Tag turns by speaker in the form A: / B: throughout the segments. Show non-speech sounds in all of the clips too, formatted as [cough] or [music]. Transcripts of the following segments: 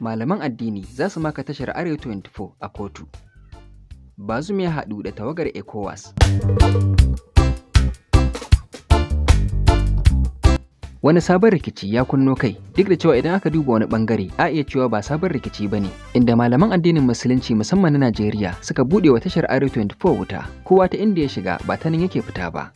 A: malaman addini za su maka tashar Arewa 24 a kotu. Bazum ya haɗu da tawagar ECOWAS. Wani sabon rikici ya kunno kai duk da cewa idan aka duba wani bangare a iya cewa ba sabon rikici ba ne, inda malaman addinin musulunci musamman na Najeriya suka buɗe wa tashar Arewa 24 wuta, kowa ta inda ya shiga ba ta nan yake fita ba.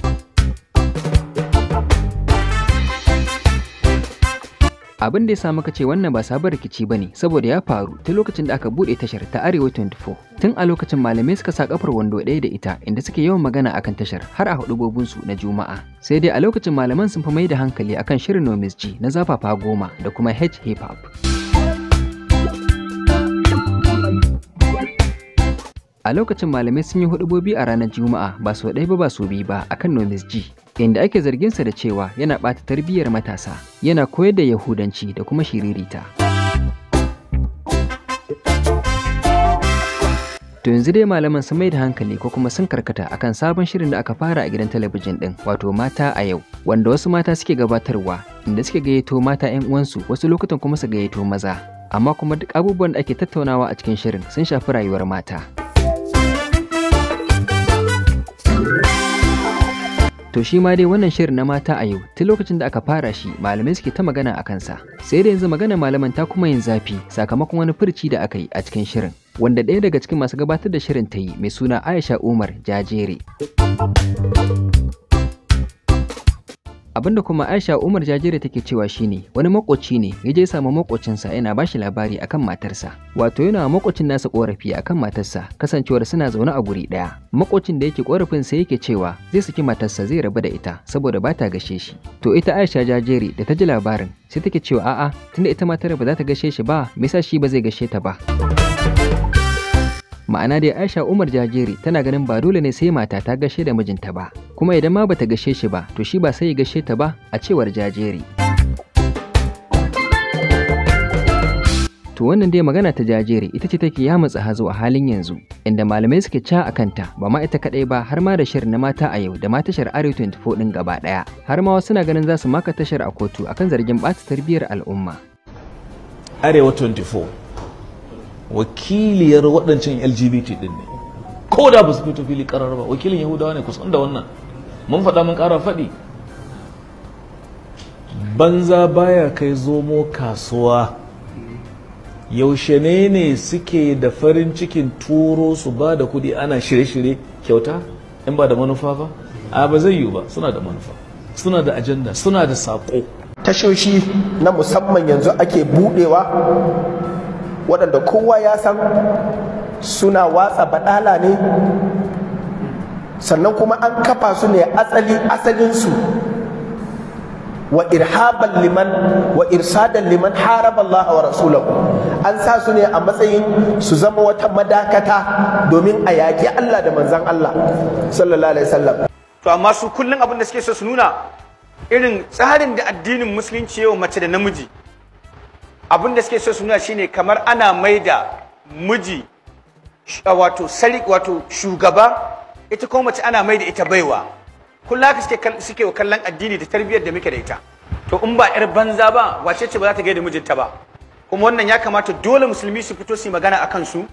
A: abin da ya sa muka ce wannan ba sabon rikici ba ne saboda ya faru tun lokacin da aka buɗe tashar ta arewa 24 tun a lokacin malamai suka sa kafar wando ɗaya da ita inda suke yawan magana akan tashar har a hudubobinsu na juma'a sai dai a lokacin malaman sun fi mai da hankali akan shirin nomis g na zafafa goma da kuma h hip hop a lokacin malamai sun yi hudubobi a ranar juma'a ba su ɗaya ba ba su biyu ba akan nomis g inda ake zarginsa da cewa yana ɓata tarbiyyar matasa, yana koyar da Yahudanci da kuma shiririta. To yanzu dai malaman sun mai da hankali ko kuma sun karkata akan sabon shirin da aka fara a gidan talabijin ɗin, wato mata a yau wanda wasu mata suke gabatarwa inda suke gayyato mata 'yan uwansu wasu lokutan kuma su gayyato maza amma kuma duk abubuwan da ake tattaunawa a cikin shirin sun shafi rayuwar mata. To shi ma dai wannan shirin na mata a yau tun lokacin da aka fara shi malamai suke ta magana a kansa. Sai da yanzu magana malaman ta kuma yin zafi sakamakon wani furci da aka yi a cikin shirin. Wanda ɗaya daga cikin masu gabatar da shirin ta yi mai suna Aisha Umar Jajere. da kuma Aisha Umar Jajire take cewa shine wani makoci ne ya je samu makocinsa yana bashi labari akan matarsa wato yana wa makocin nasa korafi akan matarsa kasancewar suna zaune a guri daya makocin da yake korafin sa yake cewa zai saki matarsa zai rabu da ita saboda bata gashe shi to ita Aisha Jajire da ta ji labarin sai take cewa a'a tunda ita matar ba za ta gashe shi ba me yasa shi ba zai gashe ta ba ma'ana dai aisha umar jajiri tana ganin ba dole ne sai mata ta gashe da mijinta ba kuma idan ma bata gashe shi ba to shi ba sai ya gashe ta ba a cewar jajeri to wannan dai magana ta jajere ita ce take yamutsa hazo a halin yanzu inda malamai suke ca a kanta ba ma ita kadai ba har ma da shirin na mata a yau da ma tashar are 24 din gaba daya har ma wasu na ganin za su maka tashar a kotu akan zargin bata tarbiyar al'umma
B: arewa 24 wakiliyar waɗancan lgbt din ne ko da ba su fito fili karar ba wakilin yahudawa ne kusan da wannan mun faɗa mun ƙara faɗi banza baya kai zomo kasuwa yaushe ne ne suke da farin cikin turo su ba da kudi ana shirye-shirye kyauta in ba da manufa ba a ba zai yiwu ba suna da manufa suna da ajanda suna da saƙo tashoshi na musamman yanzu
C: ake buɗewa waɗanda kowa ya san suna watsa baɗala ne sannan kuma an kafa su ne asali asalinsu wa irhaban liman wa irsadan liman haraba Allah wa rasulahu an sa su ne a matsayin su zama wata madakata domin a yaƙi Allah da manzan Allah sallallahu alaihi wasallam to amma su kullun abin da suke so su nuna irin tsarin da addinin musulunci yau mace da namiji abin da suke so su nuna shine kamar ana maida miji wato sarki wato shugaba ita ko mace ana mai da ita baiwa kulafi suke suke wa kallon addini da tarbiyyar da muke da ita to in ba yar banza ba wace ce ba za ta da mijinta ba kuma wannan ya kamata dole musulmi su fito su magana akan su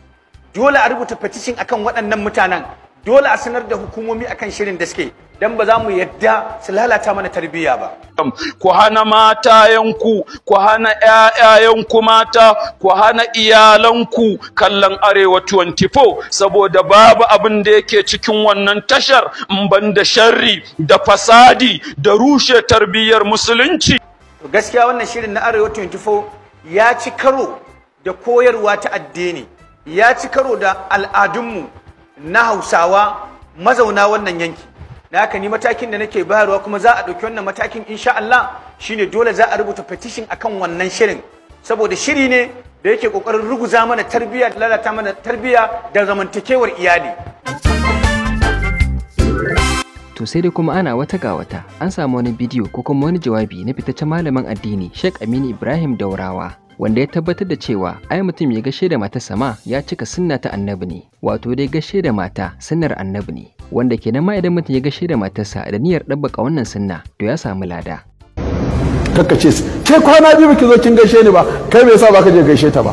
C: dole a rubuta petition akan waɗannan mutanen dole a sanar da hukumomi akan shirin da suke dan ba za mu yadda su lalata mana tarbiyya ba ku hana yanku ku hana ƴaƴayenku mata ku hana iyalanku kallon arewa 24 saboda babu abin da yake cikin wannan tashar in ban da sharri da fasadi da rushe tarbiyyar musulunci gaskiya wannan shirin na arewa 24 ya ci karo da koyarwa ta addini ya ci karo da al'adunmu na hausawa mazauna wannan yanki na haka ni matakin da nake bayarwa kuma za a ɗauki wannan matakin insha Allah shine dole za a rubuta petition akan wannan shirin saboda shiri ne da yake kokarin ruguza mana tarbiyya da lalata mana tarbiyya da zamantakewar iyali
A: to sai dai kuma ana wata ga wata an samu wani bidiyo ko kuma wani jawabi na fitaccen malamin addini Sheikh Aminu Ibrahim Daurawa wanda ya tabbatar da cewa ai mutum ya gashe da mata sama ya cika sunna ta annabi ne wato dai gashe da mata sunnar annabi ne wanda kenan ma idan mutum ya gashe da matarsa da niyyar ɗabbaka wannan sunna to ya samu lada
B: kakka ce ke kwana biyu baki zo kin gaishe ni ba kai me yasa baka je gaishe ta ba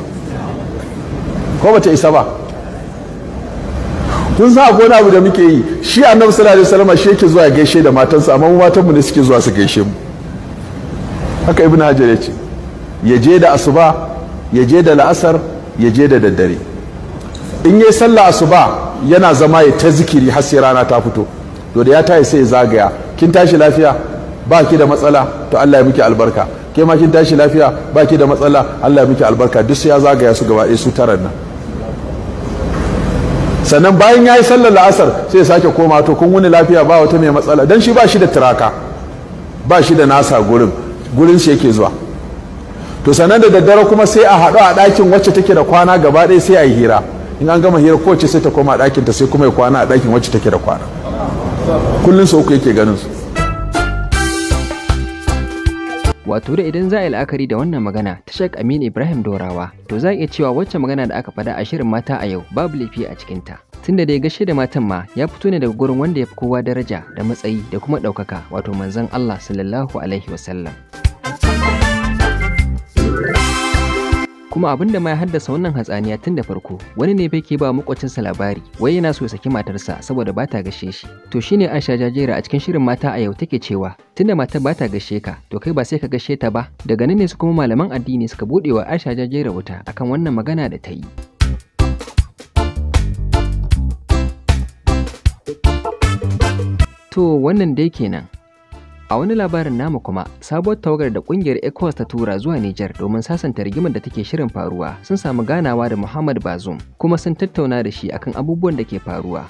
B: ko bata isa ba kun sa ko wani abu da muke yi shi annabi sallallahu alaihi wasallam shi yake zuwa gaishe da matansa amma mu matan mu ne suke zuwa su gaishe mu haka ibnu hajar ya ce ya je da asuba ya je da la'asar ya je da daddare in yi sallah asuba yana zama ya ta zikiri har sai rana ta fito to da ya tayi sai zagaya kin tashi lafiya ba ki da matsala to Allah ya miki albarka ke ma kin tashi lafiya ba ki da matsala Allah ya miki albarka duk sai ya zagaya su gaba su tarar nan sannan bayan ya yi sallar la'asar sai ya sake koma to kun wuni lafiya ba wata mai matsala don shi ba shi da turaka ba shi da nasa gurin gurin shi yake zuwa to sannan da daddare kuma sai a haɗu a ɗakin wacce take da kwana gaba ɗaya sai a yi hira in an gama hira kowace sai ta koma ɗakin ta sai kuma ya kwana a ɗakin wacce take da kwana kullum sau uku yake ganin su
A: wato da idan za a yi la'akari da wannan magana ta shek aminu ibrahim dorawa to za a iya cewa wacce magana da aka faɗa a shirin mata a yau babu laifi a cikinta tunda da ya gashe da matan ma ya fito ne daga gurin wanda ya fi kowa daraja da matsayi da kuma ɗaukaka wato manzon allah sallallahu alaihi wasallam kuma abin da ma ya haddasa wannan hatsaniya tun da farko wani ne bai ke ba makwacinsa labari wai yana so saki matarsa saboda bata ta gashe shi to shine Aisha Jajera a cikin shirin mata a yau take cewa tunda matar bata ta gashe ka to kai ba sai ka gashe ta ba daga nan ne su kuma malaman addini suka budewa Aisha Jajera wuta akan wannan magana da ta yi to wannan dai kenan A wani labarin namu kuma, sabuwar tawagar da kungiyar ECOWAS ta tura zuwa Nijar domin sasanta rigimar da take shirin faruwa sun samu ganawa da Muhammad Bazoum kuma sun tattauna da shi akan abubuwan da ke faruwa.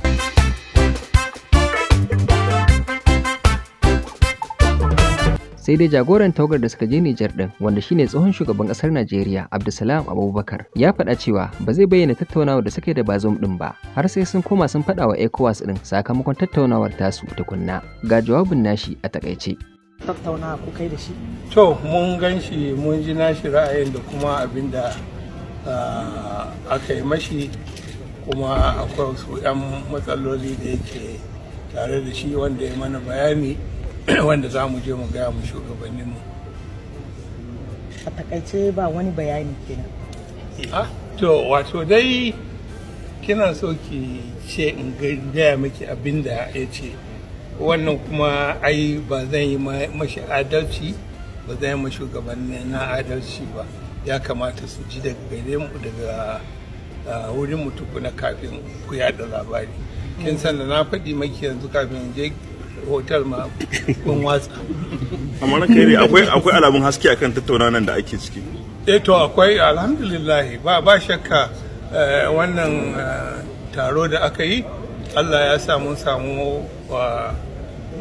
A: sai dai jagoran tawagar da suka je Nijar din wanda shine tsohon shugaban kasar Najeriya Abdulsalam Abubakar ya faɗa cewa ba zai bayyana tattaunawa da suka yi da Bazoum din ba har sai sun koma sun faɗa wa ECOWAS din sakamakon tattaunawar tasu tukunna ga jawabin nashi a takaice
B: tattauna
D: ku kai da shi to mun gan shi mun ji nashi ra'ayin da kuma abin da aka yi mashi kuma akwai wasu 'yan matsaloli da yake tare da shi wanda ya mana bayani [clears throat] wanda za mu je mu gaya mu shugabanninmu a takaice ba wani bayani kenan to wato dai kina so ki ce in gaya miki abinda da ya ce wannan kuma ai ba zan yi mashi adalci ba zan yi mashi shugabanni na adalci ba ya kamata su ji daga gare mu daga wurin mu na kafin ku yada labari kin san da na faɗi maki yanzu kafin je hotel ma kun watsa amma na kai akwai akwai alamun
B: haske akan tattaunawan da ake ciki
D: eh to akwai alhamdulillah ba ba shakka eh, wannan eh, taro da aka yi Allah ya sa mun samu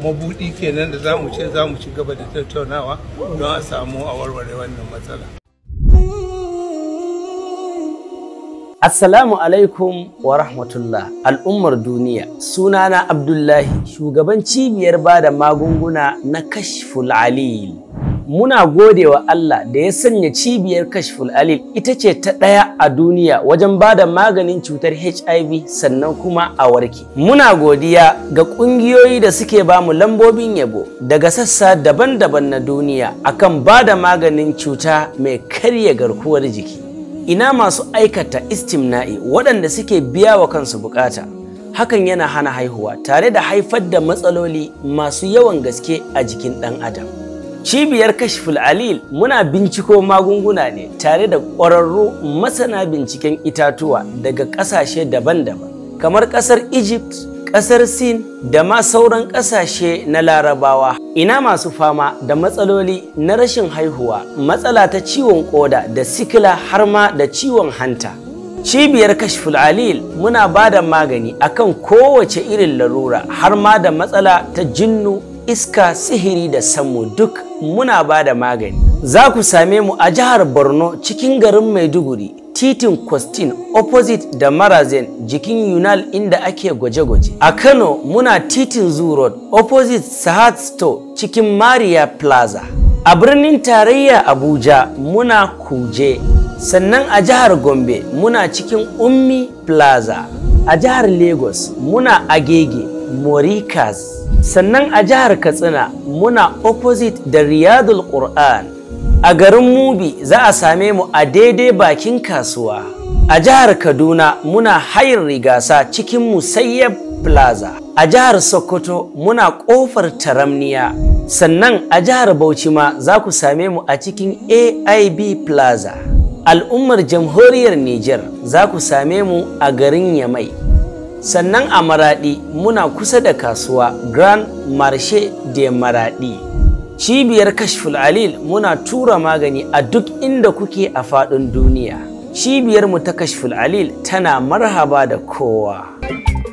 D: mabudi kenan da za mu ce za mu ci gaba da tattaunawa don a samu a warware wannan matsala
E: Assalamu alaikum wa rahmatullah al'ummar duniya sunana Abdullahi shugaban cibiyar ba da magunguna na kashful alil muna gode wa Allah da ya sanya cibiyar kashful alil ita ce ta ɗaya a duniya wajen ba da maganin cutar HIV sannan kuma a warki. muna godiya ga ƙungiyoyi da suke ba mu lambobin yabo daga sassa daban-daban na duniya akan ba da maganin cuta mai karya garkuwar jiki ina masu aikata istimna'i waɗanda suke biya wa kansu bukata hakan yana hana haihuwa tare da haifar da matsaloli masu yawan gaske a jikin ɗan adam cibiyar kashiful alil muna binciko magunguna ne tare da ƙwararru masana binciken itatuwa daga ƙasashe daban-daban kamar ƙasar egypt ƙasar Sin da ma sauran ƙasashe na larabawa. Ina masu fama da matsaloli na rashin haihuwa, matsala ta ciwon ƙoda da sikila har ma da ciwon hanta. Cibiyar Kashful Alil muna ba da magani akan kowace irin larura har ma da matsala ta jinnu iska sihiri da sammu duk muna ba da magani. Za ku same mu a jihar Borno cikin garin Maiduguri titin Kwastin opposite da Marazen jikin Yunal inda ake gwaje-gwaje. A Kano muna titin Zoo Road opposite sahad Store cikin Maria Plaza. A birnin tarayya Abuja muna Kuje. Sannan a jihar Gombe muna cikin Ummi Plaza. A jihar Lagos muna Agege Morikas. Sannan a jihar Katsina muna opposite da Riyadul Qur'an. a garin mubi za a same mu a daidai bakin kasuwa a jihar kaduna muna hayin rigasa cikin musayyab plaza a jihar sokoto muna kofar taramniya sannan a jihar bauchi ma za ku same mu a cikin aib plaza al'ummar jamhuriyar niger za ku same mu a garin yamai sannan a maradi muna kusa da kasuwa grand marche de maradi Cibiyar Kashful Alil muna tura magani a duk inda kuke a faɗin duniya. Cibiyarmu ta Kashful Alil tana marhaba da kowa.